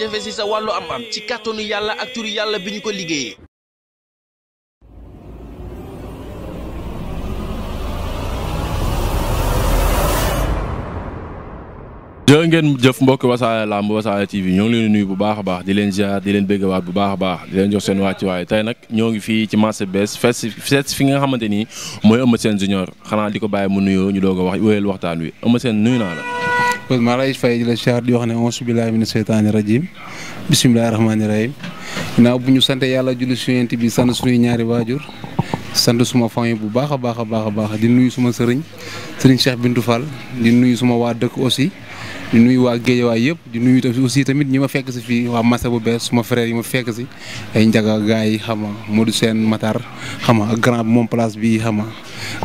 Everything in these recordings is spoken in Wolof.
jafe si sa wàllu am-am ci kàttanu yàlla ak turu yàlla bi ñu ko liggéeyee. jërë ngeen jëf mbokk wasaare làmb wasaare TV ñoo ngi leen di nuyu bu baax a baax di leen ziar di leen béggawaat bu baax a baax di leen jox seen wàcc waaye tey nag ñoo ngi fii ci marché bees fees fi nga xamante ni mooy Eumeu Sène junior xanaa di ko bàyyi mu nuyoo ñu doog wax wéyal waxtaan wi Eumeu Sène nuyu naa la. maa lay fay di la char di wax ne auzu billaahi mina seytaani rajiim bismillaahi rahmaani rahiim ginnaaw bu ñu sant yàlla julli si yonent bi sant suñuy ñaari waajur sant suma famille bu baax a baax a baax a baax di nuyu suma sëriñ sëriñ Cheikh bintu Fall di nuyu suma waa dëkk aussi di nuyu waa Géejawaay yëpp di nuyu tamit aussi tamit ñi ma fekk si fii waa Massa bu bees suma frère yi ma fekk si ay njaga gars yi xam nga Modou seen Matar xam nga ak grand moom place bi xam nga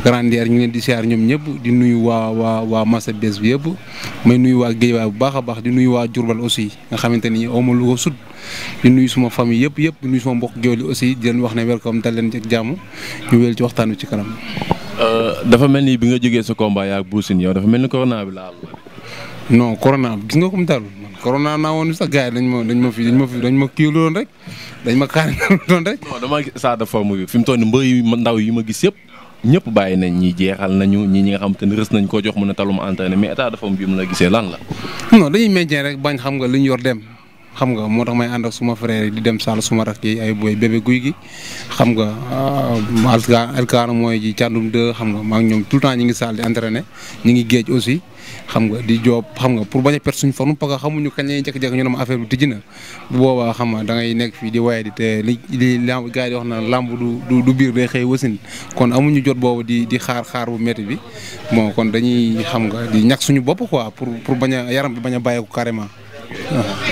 grand ñu ngi leen di siyaar ñoom ñëpp di nuyu waa waa waa bees bi yëpp may nuyu waa Géejawaay bu baax a baax di nuyu waa Diourbel aussi nga xamante ni aw ma lu ko sut di nuyu suma famille yëpp yëpp di nuyu suma mbokk géwél yi aussi di leen wax ne welcome dal leen ak jàmm ñu wéel ci waxtaan wi ci kanam. Euh, dafa mel ni bi nga jógee sa combat yaa ak Boussine mel ni corona bi laal non corona gis nga ko mu dalul man corona naa woon sax gars yi dañ ma dañ ma fi dañ ma fi dañ ma kii loon rek dañ ma xaar loon rek. non fi mu toll nii mbéy ndaw yi ma gis yëpp ñëpp bàyyi nañ ñi jeexal nañu ñi ñi nga xam te ne rës nañ koo jox mën a talum entraîné mais état de forme bi mu la gisee lan la. non dañuy maintien rek bañ xam nga li ñu yor dem xam nga moo tax may ànd ak suma frère yi di dem Sall suma rak yi ay booy bébé guy gi xam nga alkaar euh, alkaar mooy ji càndum de xam nga maa ñoom tout le temps ñi ngi Sall di entraîné ngi géej aussi xam nga di joob xam nga pour bañ a perte suñu forme parce que xamuñu kañ lañuy jékki-jékki ñu ne ma affaire bi tijji na boobaa xam na da nekk fii di waye di te li li lamb gars yi di wax naan lamb du du biir day xëy wasin kon amuñu jot boobu di di xaar xaar bu métti bi bon kon dañuy xam nga di suñu bopp quoi pour pour bañ a yaram bi bañ a bàyyeeku carrément.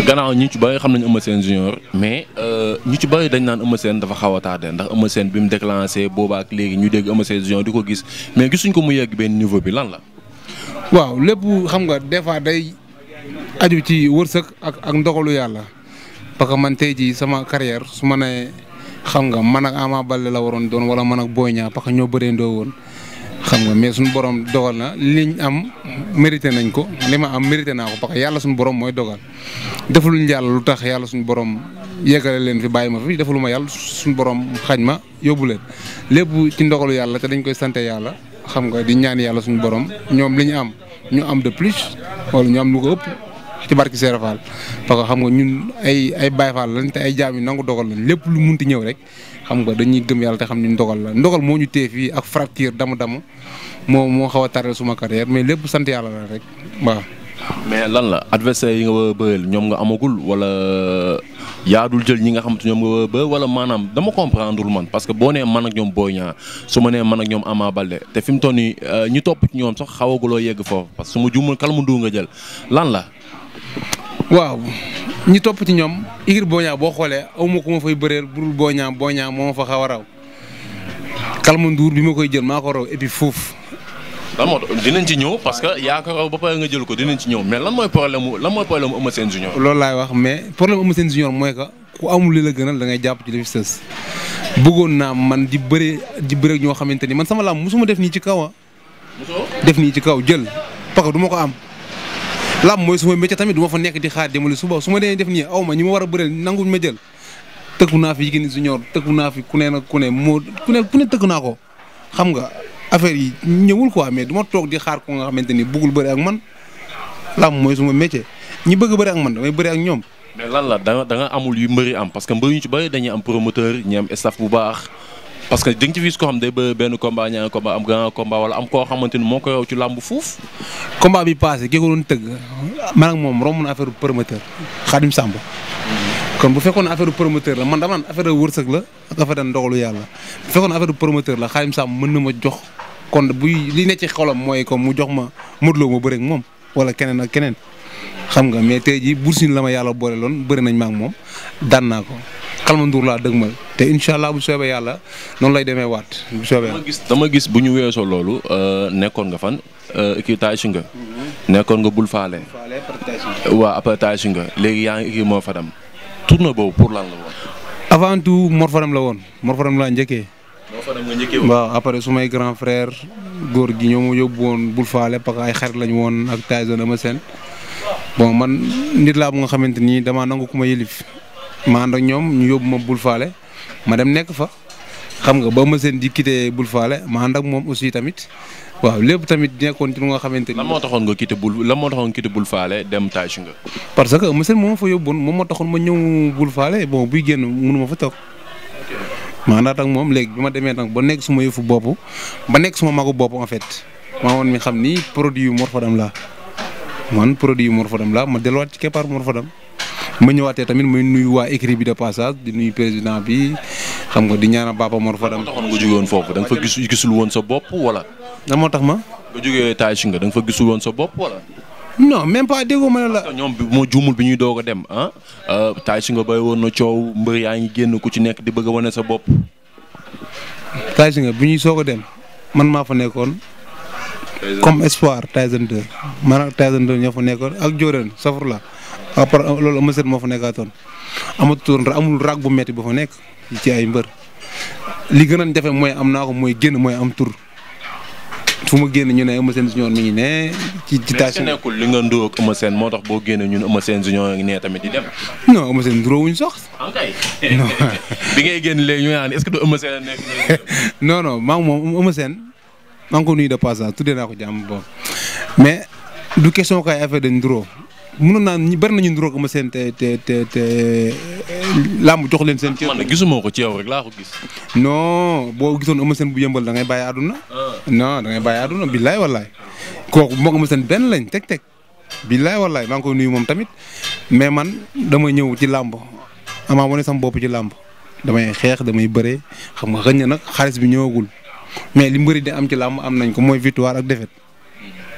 gannaaw ñu ci bëri xam nañu Eumeu Sène junior mais euh, ñu ci bëri dañ naan Eumeu Sène dafa xaw a tardé ndax Eumeu Sène bi mu déclenché boobaa ak léegi ñu dégg Eumeu Sène junior di ko gis mais gisuñ ko mu yegg benn niveau bi lan la waaw lépp xam nga des fois day aju ci wërsëg ak ak ndogalu yàlla parce que man tey jii sama carrière su ma nee xam nga man ak Ama bale la waroon doon wala man ak Boy Niang parce que ñoo bëree ndoo woon xam nga mais suñu borom dogal na liñ am mérité nañ ko li ma am mérité naa ko parce que yàlla suñu borom mooy dogal ñu yàlla lu tax yàlla suñu borom yeggale leen fi bàyyi ma fi defalu ma yàlla suñu borom xañ ma yóbbu leen lépp ci ndogalu yàlla te dañ koy sante yàlla. xam nga di ñaan yàlla suñu borom ñoom li ñu am ñu am de plus wala ñu am lu ko ëpp ci barki Serigne Fall parce que xam nga ñun ay ay Baye Fall lañ te ay jaam yi nangu dogal lañ lépp lu mun ti ñëw rek xam nga dañuy gëm yàlla te xam ni ndogal la ndogal moo ñu téye fii ak fracture damu damu moo moo xaw a taral suma carrière mais lépp sant yàlla la rek waaw. mais lan la adversaire yi nga war a bëreel ñoom nga amagul wala yaadul jël ñi nga xam te ñoom nga war a bëreel wala maanaam dama comprendre man parce que boo nee man ak ñoom Boy Niang su ma nee man ak ñoom Ama Baldé te fi mu toll nii euh, ñi topp ci ñoom sax xawaguloo yegg foofu parce que su ma juumul kal mu du nga jël lan la. waaw ñi topp ci ñoom igir Boy Niang boo xoolee awma ku ma fay bëreel bu Boy Niang Boy Niang moo ma fa xaw a raw kalmanduur bi ma koy jël maa ko raw et puis foofu lan moo dinañ ci ñëw parce que yaa ko ba pare nga jël ko dinañ ci ñëw mais lan mooy problème mu lan mooy problème mu Eumeu Sène junior. loolu laay wax mais problème Eumeu Sène junior mooy que ku amul li la gënal da ngay jàpp ci li fi sës bëggoon naa man di bëre di bëre ñoo xamante ni man sama làmb mosuma def nii ci kawa ah. def nii ci kaw jël parce que du ko am. lam mooy su ma métier tamit du ma fa nekk di xaar demali suba su ma dee def nii aw ma ñi ma war a bëreel nanguñ ma jël tëkku naa fi Yékini junior tëkku naa fi ku ne nag ku ne moo ku ne ku ne naa ko xam nga affaire yi ñëwul quoi mais du ma toog di xaar ko nga xamante ni bëggul bëri ak man làmb mooy suma métier ñi bëgg bëri ak man damay bëri ak ñoom. mais lan la da amul yu mbëri am parce que mbëri ñu ci bëri dañuy am promoteur ñi am staff bu baax parce que da benn combat ñaari combat am koo xamante ni moo ko raw ci làmb fuuf. combat bi passé ki ko doon tëgg man ak moom romb na affaire promoteur Khadim Samb. kon bu fekkoon affaire promoteur la man dama naan affaire wërsëg la ak affaire ndogalu yàlla bu fekkoon affaire promoteur la Khadim Samb mën na ma jox. kon buy li ne ci xolam mooy ko mu jox ma Modou Lo ma bëre moom wala keneen ak keneen xam nga mais tey jii Bour Sine la ma yàlla boole loon bëri nañ ma moom daan naa ko xalma nduur laa ma te incha allah bu soobee yàlla noonu lay demee waat bu soobee dama gis dama gis bu ñu weesoo loolu euh, nekkoon nga fan euh, kii taasu nga mhm. nekkoon nga bul faale waaw après nga léegi yaa ngi kii moo fadam tournoi boobu pour lan la woon avant tout Mor la woon Mor laa njëkkee waaw après su may grand frère góor gi ñoo ma yóbbu woon bul faale parce ay xarit lañu woon ak Tyson Eumeu Sène bon man nit laa bu nga xamante nii damaa nangu ku ma yëlif ma ànd ñoom ñu yóbbu ma bul faale ma dem nekk fa xam nga ba ma seen di quitté bul faale ma ànd ak moom aussi tamit waaw lépp tamit nekkoon ci lu nga xamante ni. lan moo taxoon nga quitté bul moo taxoon quitté bul faale dem tâche nga. parce que monsieur moom fa yóbboon moom moo taxoon ma ñëw bul faale bon buy génn mënu ma fa toog. ma àndaat ak moom léegi bi ma demee nag ba nekk suma yëfu bopp ba nekk su ma magu bopp en fait maa woon mi xam ni produit yu Morfodam la man produit yu Morfodam la ma delluwaat ci keppaar Morfodam ma ñëwaatee tamit muy nuyu waa écrit bi de passage di nuyu président bi xam nga di ñaanal Papa Morfodam. taxoon nga jóge woon foofu danga nga fa gisul woon sa bopp wala. lan moo tax ma. nga nga da fa gisul woon sa bopp wala. non même pas déggoo ma ne la. ñoom moo juumul bu ñuy doog a dem ah euh, taay si nga bay woon na coow mbër yaa ngi génn ku ci nekk di bëgg a wane sa bopp. taay nga bi ñuy soog a dem man maa fa nekkoon. comme espoir Tyson 2 man ak Tyson 2 ñoo fa nekkoon ak Jordan safur la après euh, loolu monsieur moo fa nekkaatoon amatutoon amul raag bu metti ba fa nekk ci ay mbër li gën a jafe mooy am naa ko mooy génn mooy am tur. fu ma génn ñu ne Eumeu Sène junior mi ngi ci ci tâche mais nekkul li nga nduwoo ak moo tax boo génne ñun Eumeu Sène junior ngi ne tamit di dem. non Eumeu Sène nduroowuñ sax. Ah, non ngay génn léegi ñu naan est-ce que du Eumeu Sène nekk non non maa ngi moom maa ngi ko nuyu de naa ko jàmm bon mais du question kay affaire de nduroo mënoon naa ñu bari nañu niroog Eumeu Sène te te te te làmb jox leen seen. man de gisuma ko ci yow rek laa ko gis. non boo gisoon Eumeu Sène bu yëmbal da ngay bàyyi àdduna. non da ngay bàyyi àdduna billaay wallaay. kooku moog Eumeu seen benn lañ teg teg billaay wallaay maa ngi koy nuyu moom tamit mais man damay ñëw ci làmb amaa wane sama bopp ci làmb damay xeex damay bëree xam nga xëñ nag xaalis bi ñëwagul mais li mbëri di am ci làmb am nañ ko mooy victoire ak défaite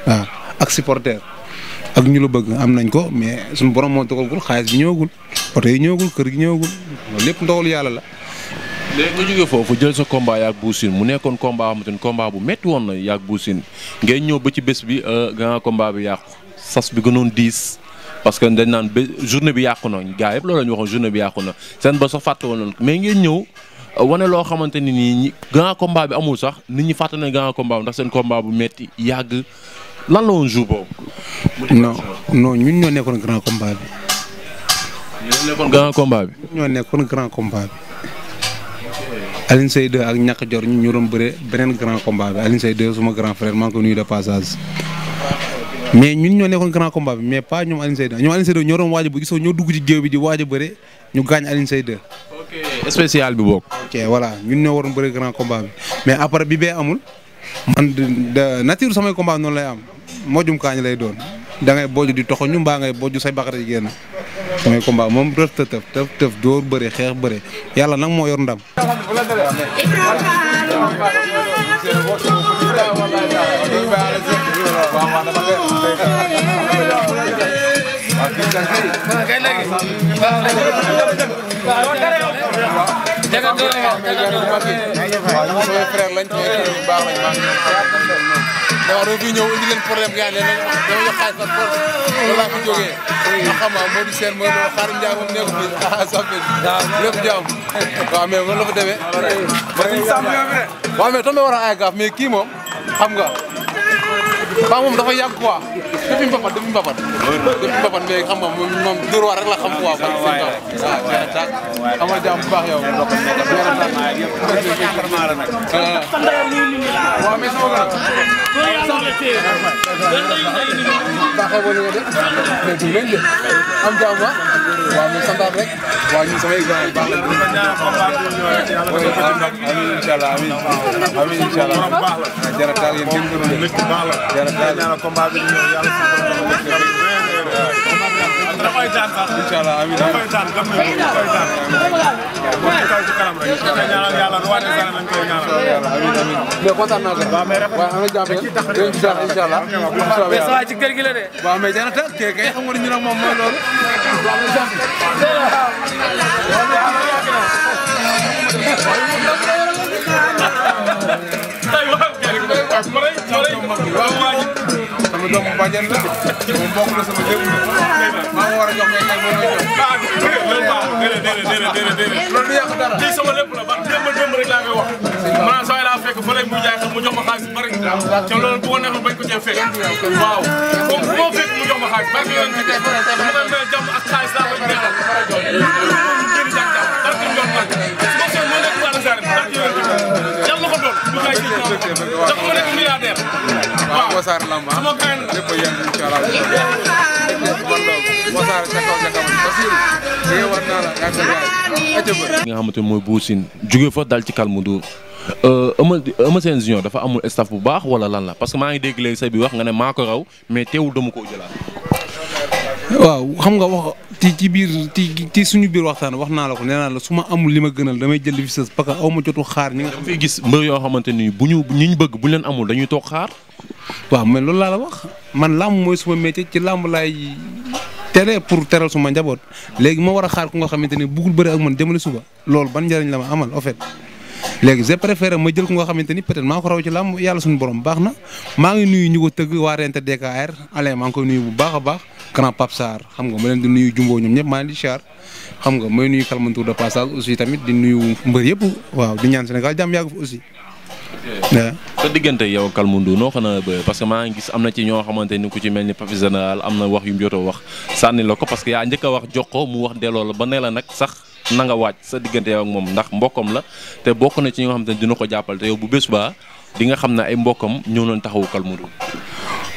waaw ak supporter. ak ñu la bëgg am nañ ko mais suñu borom moo dogalagul xaalis bi ñëwagul oto yi ñëwagul kër gi ñëwagul lépp ndogalu yàlla la. léegi nga jógee foofu jël sa combat yaag Bou Sine mu nekkoon combat xamante ni combat bu métti woon na yàgg Bou Sine ngay ñëw ba ci bés bi euh, grand combat bi yàqu sas bi gënoon diis. parce que dañ naan ba journée bi yàqu na gaa yëpp loolu la ñu waxoon journée bi yàqu na seen ba sax fàtte woon mais ngeen ñëw euh, wane loo xamante ni nii grand combat bi amul sax nit ñi fàtte na grand combat ndax seen combat bu metti yàgg lan la woon jour boobu. non non ñun ñoo nekkoon grand combat bi. ñoo nekkoon bi. ñoo nekkoon grand combat bi. Alioune ak ñaq jor ñu ñu doon bëre beneen grand combat bi Alioune Seye 2 suma grand frère maa ko nuyu de passage. mais ñun ñoo nekkoon grand combat bi mais pas ñoom Alioune Seye ñoo doon waaj a bu gisoo ñoo dugg ci géew bi di waaj a ñu gaañ Alioune Seye 2. bi bokk. ok voilà ñun ñoo waroon bëre grand combat bi mais après bi bee amul. man de nature samay combat noonu lay am. mojum kaañ lay doon da ngay bojj di toxo ñu mbaa ngay bojj say baqara yi génn mooy combat moom tëf tëf tëf tëf dóor xeex bëre yàlla nag moo yor ndam. dama doon fi ñëw indi leen problème gars yi leen wax dama jox xaalis par force loolu laa ko jógee. nga xam ah Modou Sène mooy loolu xaaral Ndiaye moom nekkul fi ah Sopé. waaw lépp jaam waaw mais man la fa demee. waaw mais tombé a ay gaaf mais kii moom xam nga. xam moom dafa yàgg quoi depuis mbapat depuis mbapat depuis mbapat mais xam nga moom moom dóor waar rek la xam quoi ba waaw waaw amal jàmm bu baax yow waaw mais sama gars baaxee boo ñëwee de mais du leen de am jàmm waaw ñu santaat rek waaw ñu samay gars yi baax nañu amiin incha allah amiin amiin incha da koy daan sax. incha allah amiin da koy daan gëm nañu da koy daan. boo ci kaw ci kanam rek. ñu koy ñaanal yàlla lu wane dara nañu koy ñaanal. amiin amiin. mais kontaan naa sax. waaw mais rafet na waaw am na jàmm rek. incha allah incha allah. mais saa ci kër gi la de. waaw mais jërë nga tey kay kay xam nga ni ñu nag moom mooy loolu. waaw ñu jàpp. waaw. sama doomu bàjjen la moom bokk la sama lépp la maa ngi war a jox mais kay ma jox. ah déedéet déedéet déedéet déedéet. loolu du yàq dara tey sama lépp la ba démb démb rek laa koy wax. maanaam saa yi laa fekk fa lay mu jaay xam mu jox ma xaalis bu bari. te loolu bu ko neexoon bañ ko cee fekk. waaw comme bu ma fekk mu jox ma xaalis barke yoon bi tey mu mel ne jàmm ak xaalis laa koy neexal. loolu moom mu jëriñ jàpp jàpp barke yoon nag su ma soog ma nekk bu ànd Ah. dafa naa ah. nga xamante mooy Bou Sine jóge fa dal ci Calme euh, du Eumeu Eumeu Sène dafa amul staff bu baax wala lan la parce que maa ngi dégg léegi say bi wax nga ne maa ko raw mais teewul dama koo jëlaat. waaw xam nga wax ci ci biir tii ci suñu biir waxtaan wax naa la ko nee naa la su ma amul li ma gënal damay jël li fi sës parce que aw ma jotu xaar ñi nga xam ne gis mbër yoo xamante ni bu ñu ñi ñu bëgg bu ñu leen amul dañuy toog xaar. waaw mais loolu laa la wax man làmb mooy suma métier ci làmb laay tere pour teral ma njaboot léegi ma war a xaar ku nga xamante ni buggul bëri ak man jëmale suba loolu ban njëriñ la ma amal en léegi j'ai préféré ma jël ko nga xamante ni peut-être maa ko raw yàlla suñu borom baax na maa ngi nuyu ñu ko tëgg waa Rente DKR Alain maa bu baax a grand Pape Sarr xam nga ma leen di nuyu Jumbo ñoom ñëpp maa ngi di char xam nga may nuyu Kalmantour de passage aussi tamit di nuyu mbër yëpp waaw di ñaan Sénégal jàmm yàgg fa aussi. sa diggante yow Kalmantour noo xanaa parce que maa ngi am na ci ñoo xamante ni ku ci mel ni Pape Général am na wax yu mu jotoo wax sànni ko parce que yaa njëkk a wax jox ko mu wax delloo la ba ne la nag sax. na nga waaj sa diggante yow ak moom ndax mbokkam la te bokk na ci ñoo xam te ne dina ko jàppal te yow bu bés baa di nga xam ne ay mbokkam ñëw nañ taxawu Kalmantour.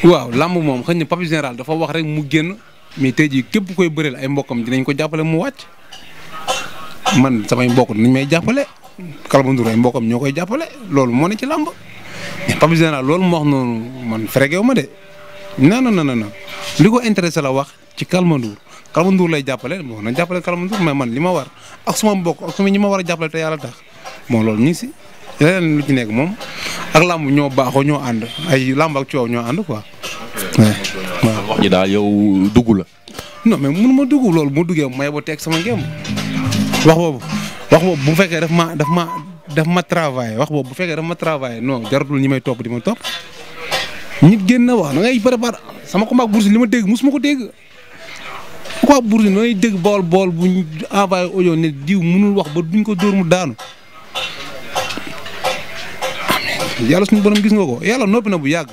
waaw lamb moom xëy na Papis général dafa wax rek mu génn mais tey jii képp koy bëreel ay mbokkam dinañ ko jàppale mu wàcc man samay mbokk dinañ may jàppale Kalba Ndour ay mbokkam ñoo koy jàppale loolu moo ne ci làmb mais Papis général loolu mu wax noonu man frégew ma de non non non non li ko intéressé la wax ci Kalba Ndour Kalba Ndour lay jàppale bon na jàppale Kalba Ndour mais man li ma war ak suma mbokk ak suma ñi ma war a jàppale te yàlla tax moo loolu ñu si. leneen lu ci nekk moom ak lamb ñoo baaxoo ñoo ànd ay làmb ak coow ñoo ànd quoi. waaw wax ji daal yow dugg la. non mais mënu ma dugg loolu mu duggee may ba teg sama ngéem wax boobu wax boobu bu fekkee daf ma daf ma daf ma travail wax boobu bu fekkee daf ma travail non jaratul ñi may topp di ma topp. nit génn na wax da ngay sama combat ak li ma dégg mosuma ko dégg pourquoi Bour Sine da ngay dégg bool bool bu ñu envoyé audio ne diw mënul wax ba duñ ko dóor mu daanu yàlla suñu borom gis nga ko yàlla noppi na bu yàgg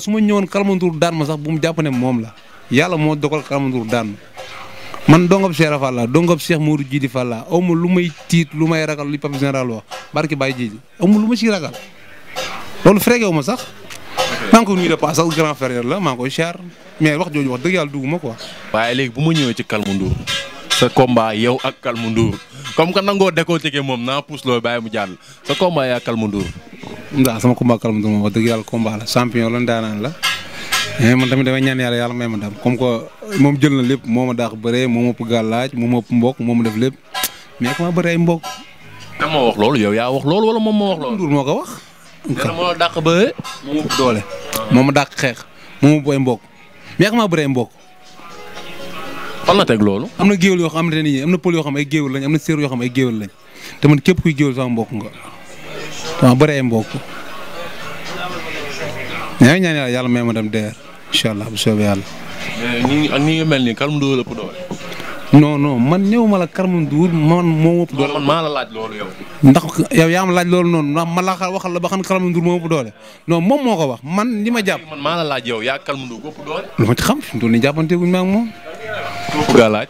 su ma ñëwoon Kalmandour daan ma sax bu mu jàpp ne moom la yàlla moo dogal Kalmandour daan ma man dongab Cheikh Rafa la dongab Cheikh Modou Djidi Fall la aw ma lu may tiit lu may ragal li Papis général wax barki Baye Djidi aw ma lu ma ciy ragal loolu frégewu ma sax. maa ngi ko nuyu de pas grand frère la ma ngi koy char mais wax jooju wax dëgg yàlla dugg ma quoi. waaye léegi bu ma ñëwee ci Kalmandour sa combat yow ak Kalmu Ndour comme que nangoo décortiquer moom naa pousse looy bàyyi mu jàll sa combat yaa Kalmu Ndour. ndax sama combat Kalmu Ndour moom wax dëgg yàlla combat la champion la ndaanaan la mais eh, man tamit damay ñaan yàlla yàlla may ma ndam comme que moom jël na lépp moo ma daax bëree moo ma ëpp gàllaaj moo ma def lépp mais comment bëri loolu yow yaa wax loolu wala moom moo wax loolu. Ndour ko wax. dana moo dàq bëree. moo ma ëpp doole. ma dàq xeex fan la teg loolu. am na géwél yoo xam ne am na pël yoo xam ay géwél lañ am na séeréer yoo xam ay géwél lañ te man képp kuy géwél sama mbokk nga waaw bëri ay mbokk. yaa ngi ñaan yàlla yàlla may ma dem deer incha allah bu soobee yàlla. mais ñi ñi mel nii Kalm Ndour ëpp doole. non non man ñëw ma la Kalm Ndour man moo ëpp doole. man maa la laaj loolu yow. ndax yow yaa ma laaj loolu noonu ndax ma la waxal la ba xam Kalm Ndour moo ëpp doole non moom moo ko wax man li ma jàpp. man maa la laaj yow yaa Kalm Ndour ëpp doole. lu ma ci xam fi mu toll nii jàppanteeguñ ma ak moom gaa laaj.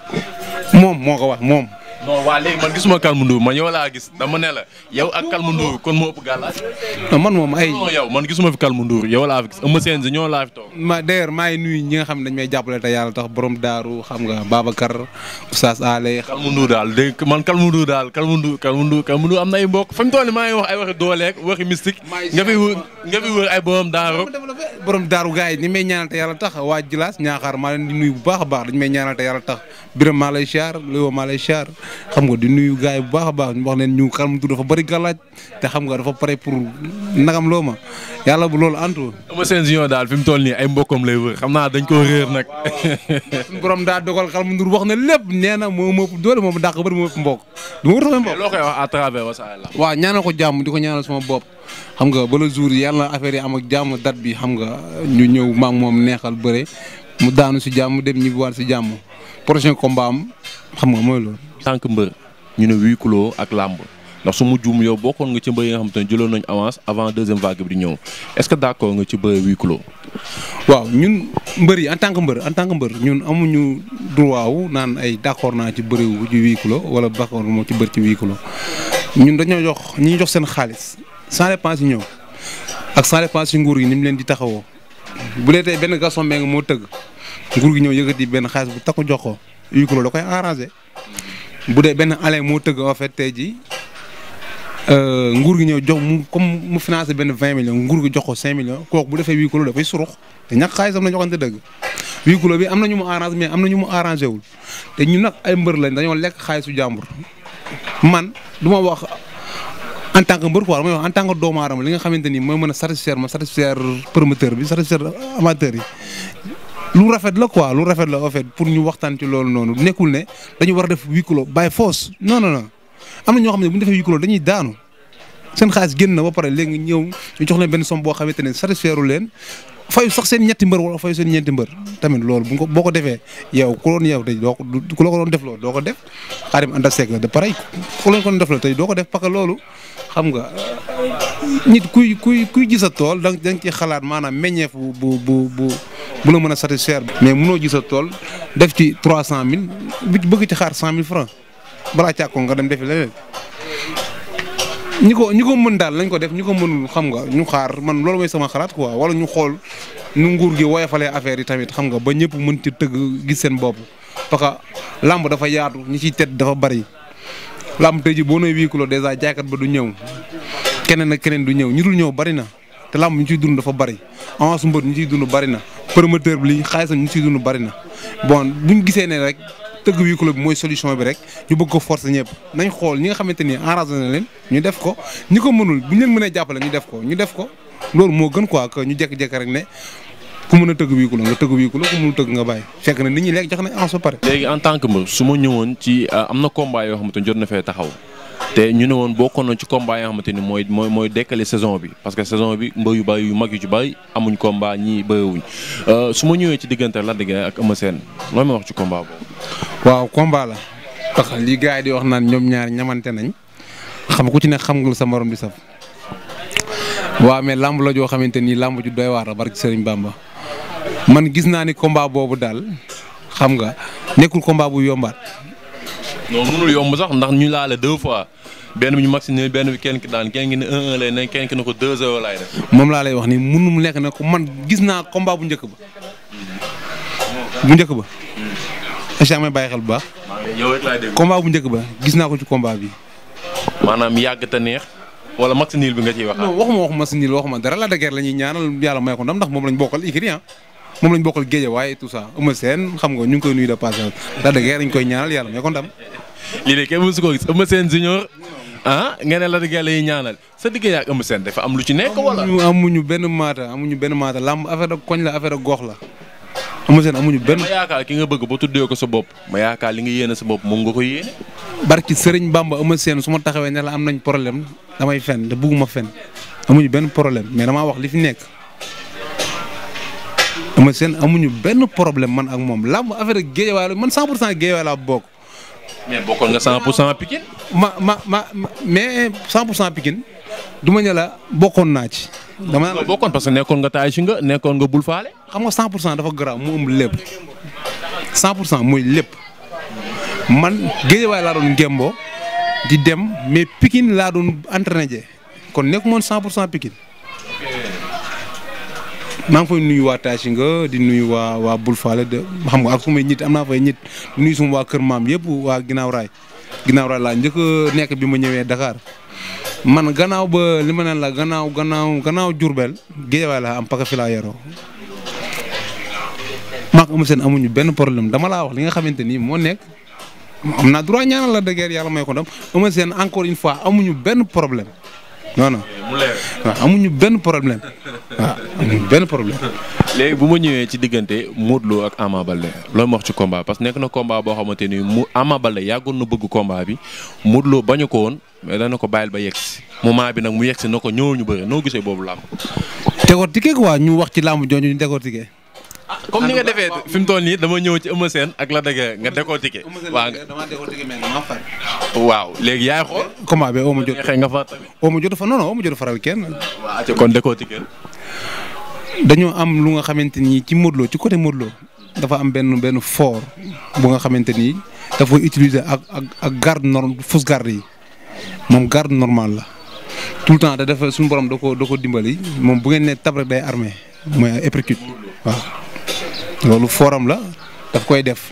moom moo ko wax moom. non waa léegi man gisuma Calme Ndour man yow laa gis dama ne la yow ak Calme Ndour kon moo ëpp gàllaaj. non moom ay non man gisuma fi Calme Ndour yow laa fi gis Eumeu Sène si ñoo laa fi toog. ma d'ailleurs maa ngi nuyu ñi nga xam ne dañ may jàppale te yàlla tax borom daaru xam nga Babacar Oustaz Ale. Calme Ndour daal dégg man Calme Ndour daal Calme Ndour Calme am na ay mbokk fa mu toll maa ngi wax ay waxi dooleeg waxi mystique. nga fi wër nga fi wër ay borom daaru gars yi ni may ñaanal te yàlla tax waa Jilaas ñaaxaar maa leen di nuyu bu baax a baax dañu may ñaanal te yàlla tax biram maa lay siyaar Léo maa lay siyaar xam nga di nuyu gars yi bu baax a baax ñu wax leen ñu xaram tu dafa bëri gàllaaj te xam nga dafa pare pour nagam loo ma yàlla bu loolu antu ama seen union daal fi mu toll nii ay mbokkam lay wër xam naa dañ koo réer nag suñu borom daa dogal xaram wax na lépp nee na moo ma ëpp doole moo ma dàq bëri moo ëpp mbokk du ma wër sama mbokk loo koy wax à travers Wassare Lamb waaw ñaanal ko jàmm di ko ñaanal sama bopp xam nga ba le jour yàlla affaire yi am ak jàmm date bi xam nga ñu ñëw maam moom neexal bëre mu daanu si jàmm dem ñibbiwaat si jàmm prochain combat xam nga mooy loolu. tànk mbër ñu ne huis clos ak làmb ndax su mu yow bokkoon nga ci mbër yi nga xam te jëloon nañ avance avant deuxième vague bi di ñëw est-ce que nga ci bëre huis clos. waaw ñun mbër yi en en tant que mbër ñun amuñu droit wu naan ay d'accord naa ci bëre wu ci huis clos wala d'accord moo ci bër ci huis ñun dañoo jox ñi jox seen xaalis. sans dépense yi ñëw ak sans dépense yi nguur gi ni mu leen di taxawoo bu dee tey benn Gaston Mbengue moo tëgg nguur gi ñëw yëkkati benn xaalis bu takku jox ko huis clos da bu dee benn alee moo tëgg en fait tey jii euh, nguur gi ñëw jox mu comme mu financé benn vingt millions nguur gi jox ko cinq millions kooku bu defee huis clos dafay surux te ñàkk xaalis am na ñoo xam ne dëgg huis clos bi am na ñu mu arrangé mais am na mu arrangé wul te ñun nag ay mbër lañ dañoo lekk xaalisu jàmbur man duma wax. en tant que mbër quoi mooy wax en tant que doomu aadama li nga xamante ni mooy mën a satisfaire ma satisfaire promoteur bi satisfaire amateur lu rafet la quoi lu rafet la en fait ñu waxtaan loolu noonu nekkul ne dañu war a def by force non non non am na ñoo xam bu ñu defee huis clos dañuy daanu seen xaalis génn na ba pare ñëw ñu jox leen benn somme boo xamante ne satisfaire leen fayu sax seen ñetti mbër wala fayu seen ñeenti mbër tamit loolu bu ko boo ko defee yow ku doon yow doo ko ku la ko doon def loolu doo ko def xaarim pare ak seeg de ku la loolu tey doo ko que loolu xam nga nit kuy kuy kuy gis a tool da nga ci xalaat maanaam meññeef bu bu bu bu bu la mën a satisfaire mais mënoo ji sa tool def ci trois cent mille bëgg ci xaar cent mille francs balaa càkkoon nga dem defi leneen ñi ko ñi ko mën daal nañ ko def ñi ko mënul xam nga ñu xaar man loolu mooy sama xalaat quoi wala ñu xool nu nguur gi woyofalee affaire yi tamit xam nga ba ñëpp mën ci tëgg gis seen bopp parce que làmb dafa yaatu ñi ciy tedd dafa bari làmb tey boo nee huis clos dèjà jaaykat ba du ñëw keneen keneen du ñëw ñu dul ñëw bari na te làmb ñu ciy dund dafa bari avance mbër ñu ciy dund bari na promoteur bi li xaalisam ñu ciy dund bari na bon buñ gisee nee rek. tëgg wii bi mooy solution bi rek ñu bëgg ko forcer ñëpp nañ xool ñi nga xamante ni enragé leen ñu def ko ko mënul bu ñu leen jàppale ñu def ko ñu def ko loolu moo gën ko que ñu jékki-jékki rek ne ku mën a tëgg wii nga tëgg wii club ku mënul tëgg nga bàyyi fekk na nit ñi léegi jox nañ en su pare. léegi en tant que mbër su ma ñëwoon ci euh, am na combat yoo xamante jot na fee taxaw te ñu ne woon bokkoon na ci combat yi ni mooy mooy mooy dekkale saison bi parce que saison bi mbër yu bëri yu mag yu ci bëri amuñ combat ñii bëriwuñ euh, su ma ñëwee ci diggante la de Guiers ak Eumeu Sène loo ma wax ci combat boobu. waaw combat la tax li yi di wax naan ñoom ñaar ñamante nañ xam ku ci ne xam nga sa morom di saf waaw mais lamb la joo xamante ni lamb ju doy waar la barki Serigne Bamba man gis naa ni combat boobu daal xam nga nekkul combat bu yombaat. non mënul yomb sax ndax ñu laale deux fois benn bi ñu max ne benn bi kenn ki daan kenn ki ne un un lay ne kenn ki ko deux heures laay def. moom laa lay wax ni mënu mu nekk na ko man gis naa combat bu njëkk ba. bu njëkk ba. incha may bàyyi xel bu baax. yow it bu njëkk ba gis naa ko ci combat bi. maanaam yàgg te neex. wala max niil bi nga ciy wax. non waxuma waxuma si niil waxuma dara la de guerre la ñaanal yàlla may ko ndam ndax moom lañ bokkal ikri ah. moom lañ bokkal géej waaye tout ça Eumeu Sène xam nga ñu ngi koy nuyu de passage la de guerre dañ koy ñaanal yàlla may ko ndam. lii de kenn mësu ko gis Eumeu Sène junior ah la de guerre la sa digg ak Eumeu dafa am lu ci nekk wala. amuñu benn maata amuñu benn maata làmb affaire ak la affaire ak la. Eumeu Sène amuñu benn. ma ki nga bëgg ba tuddee ko sa bopp ma yaakaar li nga yéene sa bopp moom nga ko yéene. barki Serigne Bamba Eumeu Sène su ma taxawee ne la am nañ problème damay fen te bugguma fen amuñu benn problème mais damaa wax li fi nekk Eumeu Sène amuñu benn problème man ak moom làmb affaire géejawaay man 100 pour cent géejawaay laa bokk. mais bokkoon pour cent Pikine. ma ma ma mais 100 pour du ma ne la bokkoon naa ci. dama nga bokkoon parce nekkoon nga taay si nga nekkoon nga bul faale. xam nga 100 pour dafa garaaw mu ëmb lépp 100 cent mooy lépp man géejawaay laa doon gémboo di dem mais Pikine laa doon entraîné je kon nekk moon 100 pour cent Pikine. maa ngi fay nuyu waa Tachinga di nuyu waa waa Bulfaale de xam nga ak suma may ñit am naa fay ñit nuyu suma waa kër maam yëpp waa ginnaaw raay laa njëkk nekk bi ma ñëwee Dakar man gannaaw ba li ma naan la gannaaw gannaaw gannaaw Diourbel Guédiawaye laa am parce que fi maa ngi am seen amuñu benn problème dama laa wax li nga xamante ni moo nekk am naa droit ñaanal la dëgër yàlla may ko ndam am seen encore une fois amuñu benn problème waaw amuñu benn problème waaw benn problème. léegi bu ma ñëwee ci diggante Modou Lo ak Ama Baldé looy wax ci combat parce nekk na combat boo xamante ni mu Ama Baldé yàggoon na bëggu combat bi Modou Lo bañu ko woon mais dana ko bàyyil ba yegg si moment bi nag mu yegg na ko ñëwul ñu bëri noo gisee boobu làmb. décortiquer quoi ñu wax ci làmb jooju ñu décortiquer. comme ni nga defee fi mu toll nii dama ñëw ci Eumeu Sène ak Lac de Guiers nga décortiquer. waaw dama dama waaw léegi yaay xool. combat bi Eumeu jot xëy nga far tamit. jot fa non non Eumeu jot faraw kenn. waaw ci dañoo am lu nga xamante ni ci Modou Lo ci côté Modou dafa am benn benn fort bu nga xamante ni dafa utiliser ak ak ak garde norme fausse garde yi moom garde normal la tout le temps da def suñu borom da ko da ko dimbali moom bu ngeen ne tab rek day armé mooy épercute waaw. loolu fooram la daf koy def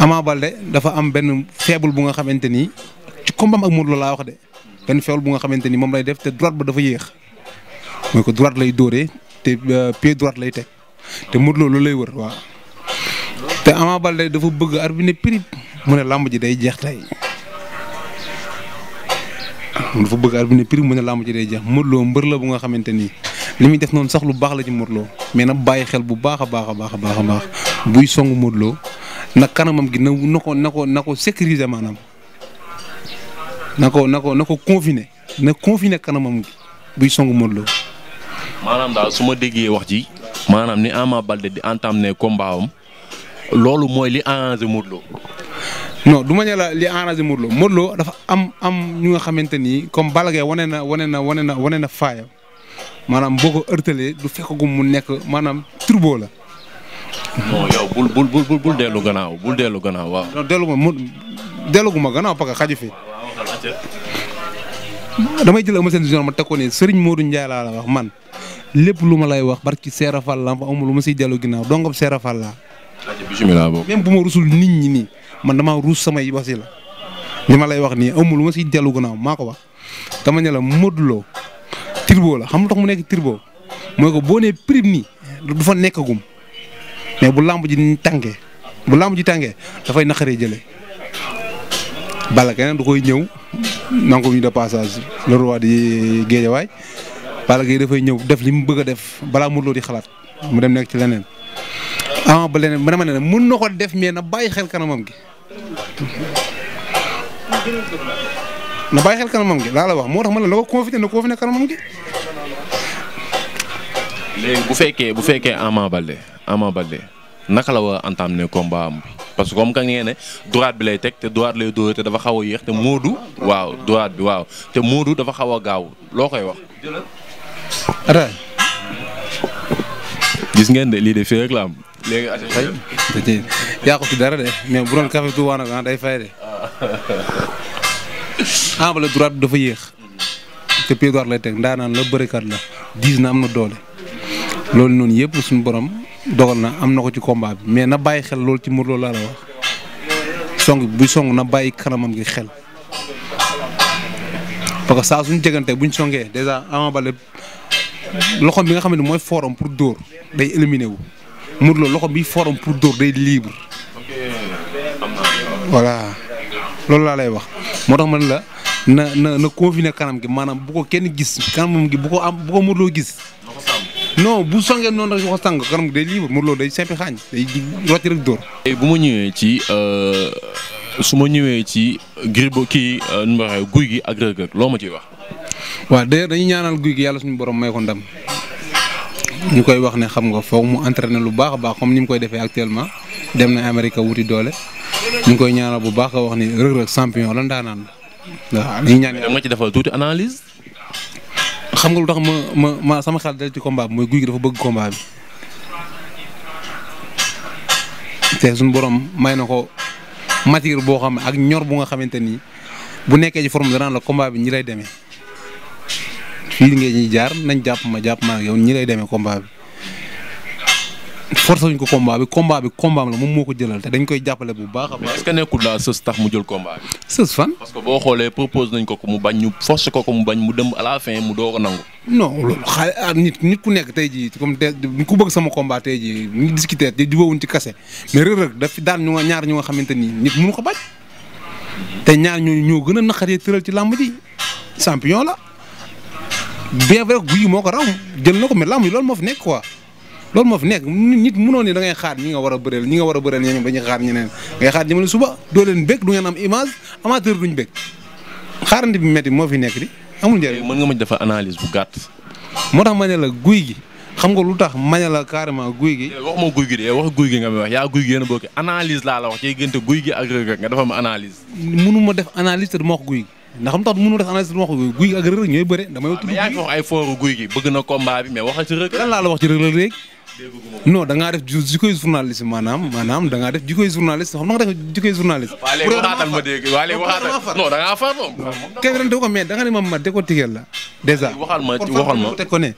Ama Baldé dafa am benn faible bu nga xamante ni ci combat ak Modou laa wax de benn faible bu nga xamante ni moom lay def te droite ba dafa yéex mooy ko droite lay dóoree te euh, pied droite lay teg te Modou Lo loolu lay wër waaw. te Ama Baldé dafa bëgg ar bi ne mu ne làmb ji day jeex tey dafa bëgg ar bi ne prip mu ne làmb ji day jeex Modou mbër la bu nga xamante nii li muy def noonu sax lu baax la ci Modou Lo mais na bàyyi xel bu baax baax baax a baax buy songu Modou Lo na kanamam gi na na ko na ko na ko sécuriser na ko na ko na ko confiner na confiner kanamam gi buy songu Modou maanaam daal su ma déggee wax ji maanaam ni Ama Baldé di entamer combat am loolu mooy li arrangé Modou Lo. du ma ne la li arrangé Modou Lo dafa am am ñu nga xamante ni comme Balla Gaye wane na wane na wane na wane na faayam maanaam boo ko ërtalee du fekkagum mu nekk maanaam turbo la. bul bul bul bul dellu gannaaw bul dellu gannaaw waaw. non dellu ma mu dellu gu ma gannaaw parce xaju fi. damay jël ama seen vision ma teg ko ne Serigne Modou Ndiaye laa la wax man lépp lu ma lay wax barki Seera Fall la amul lu ma siy dellu ginnaaw dongam Seera Fall laa. même bu ma rusul nit ñi nii man damaa ruus samay wax si la. li ma lay wax nii amul lu ma si dellu ginnaaw maa ko wax dama ne la Modou Lo turbo la xam lu tax mu nekk turbo mooy ko boo nee prime nii du fa nekk gum mais bu lamb ji tàngee bu lamb ji tàngee dafay naqaree jële Balla keneen du koy ñëw nangu ñu de passage le roi di Guédiawaye Balla Gaye dafay ñëw def li mu bëgg a def balaa mu loo di xalaat mu dem nekk ci leneen ah ba leneen man ma ne mën na ko def mais na bàyyi xel kanamam gi. na bàyyi xel kanamam gi laa la wax moo tax ma ne la ko confité na confité kanamam gi. bu fekkee bu fekkee Ama Baldé naka la war a entamé combat am parce que comme que ngeen ne droite bi lay teg te droite lay dóor dafa xaw a yéex te Modou. waaw droite bi waaw te Modou dafa xaw a gaaw loo koy wax. jërëjëf. gis ngeen de lii de fii rek la am. yaa ko ci dara de mais bu doon café Touba nag ah, day fay de. Ama ah, Baldé droite bi dafa yéex te pied lay teg ndaanaan la bërikat la diis na am na doole loolu noonu yëpp suñu borom dogal na am na ko ci combat bi mais na bàyyi xel loolu ci Modou Lo laa wax song bu song na bàyyi kanamam gi xel parce que saa suñu jegante buñ songee dèjà Ama Baldé loxom bi nga xam ne mooy forum pour dóor day éliminé wu Modou Lo loxom bi forum pour dóor day libre voilà loolu laa lay wax. moo tax man la na na na kanam gi maanaam bu ko kenn gis kanam gi bu ko am bu ko Modou gis. non bu songee noonu rek wax sàng kanam gi day libre Modou day simpi xaañ day rotti rek dóor. bu ma ñëwee ci euh, su ma ñëwee ci Gris Bordeaux kii euh, nu ma guy gi ak Reug loo ma ciy wax. waaw d'ailleurs dañuy ñaanal guy gi yàlla suñu borom may ko ndam. ñu koy wax ne xam nga foog mu entraîné lu baax a baax comme ni mu koy defee actuellement dem na Amérique wuti doole ñu ngi koy ñaanal bu baax a wax ni rëg-rëg champion la ndaanaan la waaw dañuy ñaan nga ci defal tuuti analyse. xam nga lu tax ma ma ma sama xel dal ci combat bi mooy guy gi dafa bëgg combat bi te suñu borom may na ko matière boo xam ak ñor bu nga xamante ni bu nekkee ci forme danaan la combat bi ñu lay demee. fii ngee ñuy jaar nañ jàpp ma jàpp ma yow ñi lay deme combat bi force wuñ ko combat bi combat bi combat am la moom moo ko jëlal te dañ koy jàppale bu baax a baax. mais est nekkul daal sës tax mu jël combat bi. sës fan. parce que boo xoolee propose nañ ko ko mu bañ ñu force ko ko mu bañ mu dem à la fin mu doo a nangu. non loolu ah, nit nit ku nekk tey jii comme te ku bëgg sama combat tey jii ñu discuter te jubóowuñ ci kase mais Reug Reug daf daan ñaar ñu nga xamante ni nit mënu ko bañ te ñaar ñooñu ñoo gën a naqaree tëral ci làmb ji champion la bien vrai que guy moo ko raw jël na ko mais lam yi loolu moo fi nekk quoi loolu moo fi nekk nit mënoon ni da ngay xaar ñi nga war a bëreel ñi nga war a bëreel ñeneen dañuy xaar ñeneen ngay xaar ñemale suba doo leen bëgg du ngeen am image amateur duñ bëgg xaarandi bi métti moo fi nekk di amul njëriñ. mën nga ma defal analyse bu gàtt. moo tax ma ne la guy gi xam nga lu tax ma ne la carrément guy gi. Eh, waxuma guy gi de wax guy gi nga may wax yaa guy gi yéen a bokk analyse laa la wax ci diggante guy gi ak Reug Reug nga defal ma analyse. mënu def analyse te du guy gi ndax xam tax mënu def analyse wax guy gi ak rëg ñooy bëre damay ah, wax ay fooru guy gi bëgg na combat bi mais waxal ci rëg lan laa la wax non da ngaa def jikkoy journaliste maanaam maanaam da ngaa def jikkoy journaliste xam nga def jikkoy journaliste. waaw léegi da ngaa far da nga ne ma ma de ko tigel la dèjà. waxal ma waxal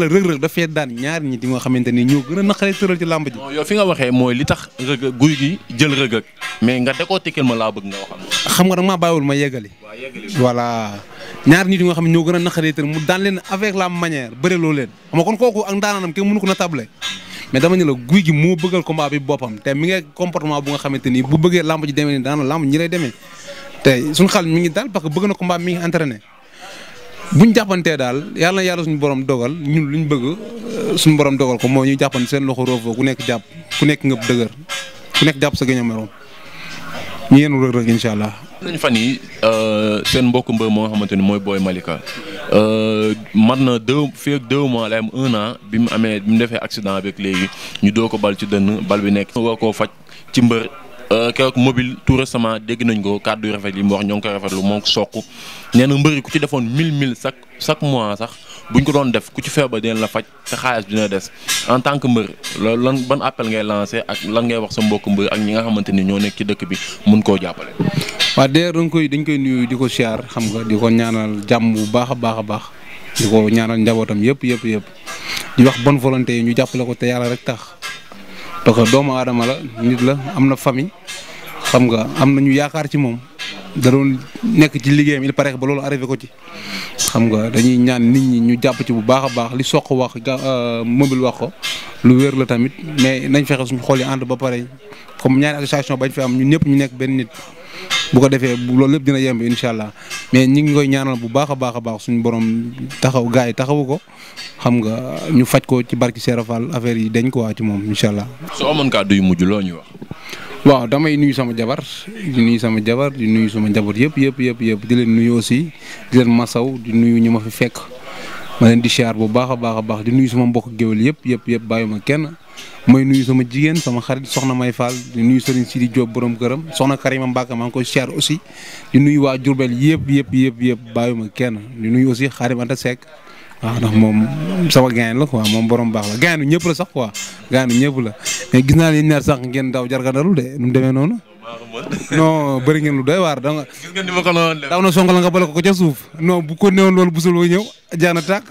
la rëg-rëg nga xamante ni ñoo gën a naqaree tëral nga waxee li tax rëg guy gi jël rëg mais nga de ko tigel ma laa bëgg nga waxal. xam nga da nga maa ma yeggali. voilà ñaar nit yi nga xam ne ñoo gën a naqaree tër mu daan leen avec la manière bëre loo leen xam nga kon kooku ak ndaanaanam kenn mënu ko na table mais dama ne la guy gi moo bëggal combat bi boppam te mi ngi comportement bu nga xamante ni bu bëggee lamb ji deme ni daana lamb ñi lay demee te suñu xel mi ngi daal parce que bëgg na combat mi ngi bu buñ jàppantee daal yàlla na yàlla suñu borom dogal ñun luñ bëgg euh, suñu borom dogal ko moo ñuy jàppan seen loxo roofoo ku nekk jàpp ku nekk ngëb dëgër ku nekk jàpp sa gëñam morom ñu yéen Reug Reug incha allah. nañ fan yi euh, seen mbokk mbër moo xamante ni mooy Boy Malika euh, man na deux fii ak deux mois lay am un bi mu amee bi mu defee accident beeg léegi ñu doo ko bal ci dënn bal bi nekk. war koo faj ci mbër euh, keroog mobile tout récemment dégg nañ ko kàddu yu rafet yi mu wax ñoo ngi koy rafetlu moo soq nee na ku ci defoon mille mille chaque chaque mois sax. buñ ko doon def ku ci feebar dina la faj te xaalis dina des en tant que mbër loolu lan ban appel ngay lancé ak lan ngay wax sa mbokk mbër ak ñi nga xamante ni ñoo nekk ci dëkk bi mun koo jàppale. waaw DR dañ koy dañ koy nuyu di ko siyaar xam nga di ko ñaanal jàmm bu baax a baax a baax di ko ñaanal njabootam yëpp yëpp yëpp di wax bon volonté ñu jàppale ko te yàlla rek tax parce doomu aadama la nit la am na famille xam nga am na ñu yaakaar ci moom da nekk ci liggéeyam il paraît ba loolu arrivé ko ci xam nga dañuy ñaan nit ñi ñu jàpp ci bu baax a baax li soq wax euh, mobile wax ko lu wér la tamit mais nañ fexe suñu xool yi ba pare comme ñaari association bañ fi am ñun ñëpp ñu nekk benn nit bu ko defee loolu lépp dina yemb incha allah mais ñi ngi koy ñaanal bu baax a baax a baax suñu borom taxaw gars yi taxawu ko xam nga ñu faj ko ci barki Serafal affaire yi dañ ko waa ci moom incha allah. soo amoon kàddu yu mujj loo ñu wax. waaw damay nuyu sama jabar di nuyu sama jabar di nuyu sama njaboot yëpp yëpp yëpp yëpp di leen nuyu aussi di leen masaw di nuyu ñu ma fi fekk ma leen di siyaar bu baax a baax a baax di nuyu sama mbokk géwél yëpp yëpp yëpp bàyyuma kenn may nuyu sama jigéen sama xarit soxna May Fall di nuyu Serigne Sidi Diop borom këram soxna Karima Mbacke maa ngi koy siyaar aussi di nuyu waa Diourbel yëpp yëpp yëpp yëpp bàyyuma kenn di nuyu aussi Xarim Anta Seck waaw ah, ndax moom sama gain la quoi moom borom baax la gainu ñëpp la sax quoi gainu ñëpp la mais gis naa ne ñaar sànq ngeen daw jargandalu de nu mu mën. non bëri ngeen lu doy waar da nga. gis ngeen ni ma ko noonu def. daaw na la nga bale ko ca suuf non bu ko néewoon loolu busul ba ñëw jaana tàkk.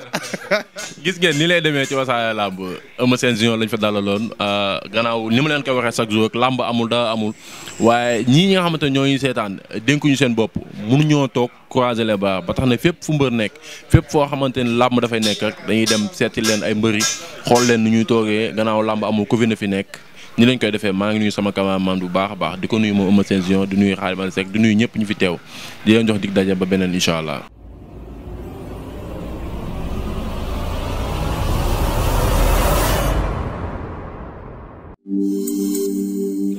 gis ngeen ni lay demee ci wasaare làmb Eumeu Sène Junior lañ euh, ni ma leen koy waxee chaque jour làmb amul dara amul waaye ñii ñi nga xamante ne ñooñu seetaan dénkuñu seen bopp mënuñoo toog croiser les bras ba tax na fépp fu mbër nekk fépp foo xamante ni làmb dafay nekk rek dañuy dem seeti leen ay mbëri xool leen nu ñuy toogee gannaaw làmb amul ku fi fi nekk ni lañ koy defee maa ngi nuyu sama cameraman bu baax baax di ko nuyu moom Eumeu Sène Junior di nuyu Khadim Seck di ñëpp ñu fi teew di leen jox dig daje ba beneen incha allah.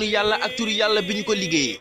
yoonu yàlla ak yàlla bi ñu ko liggéeyee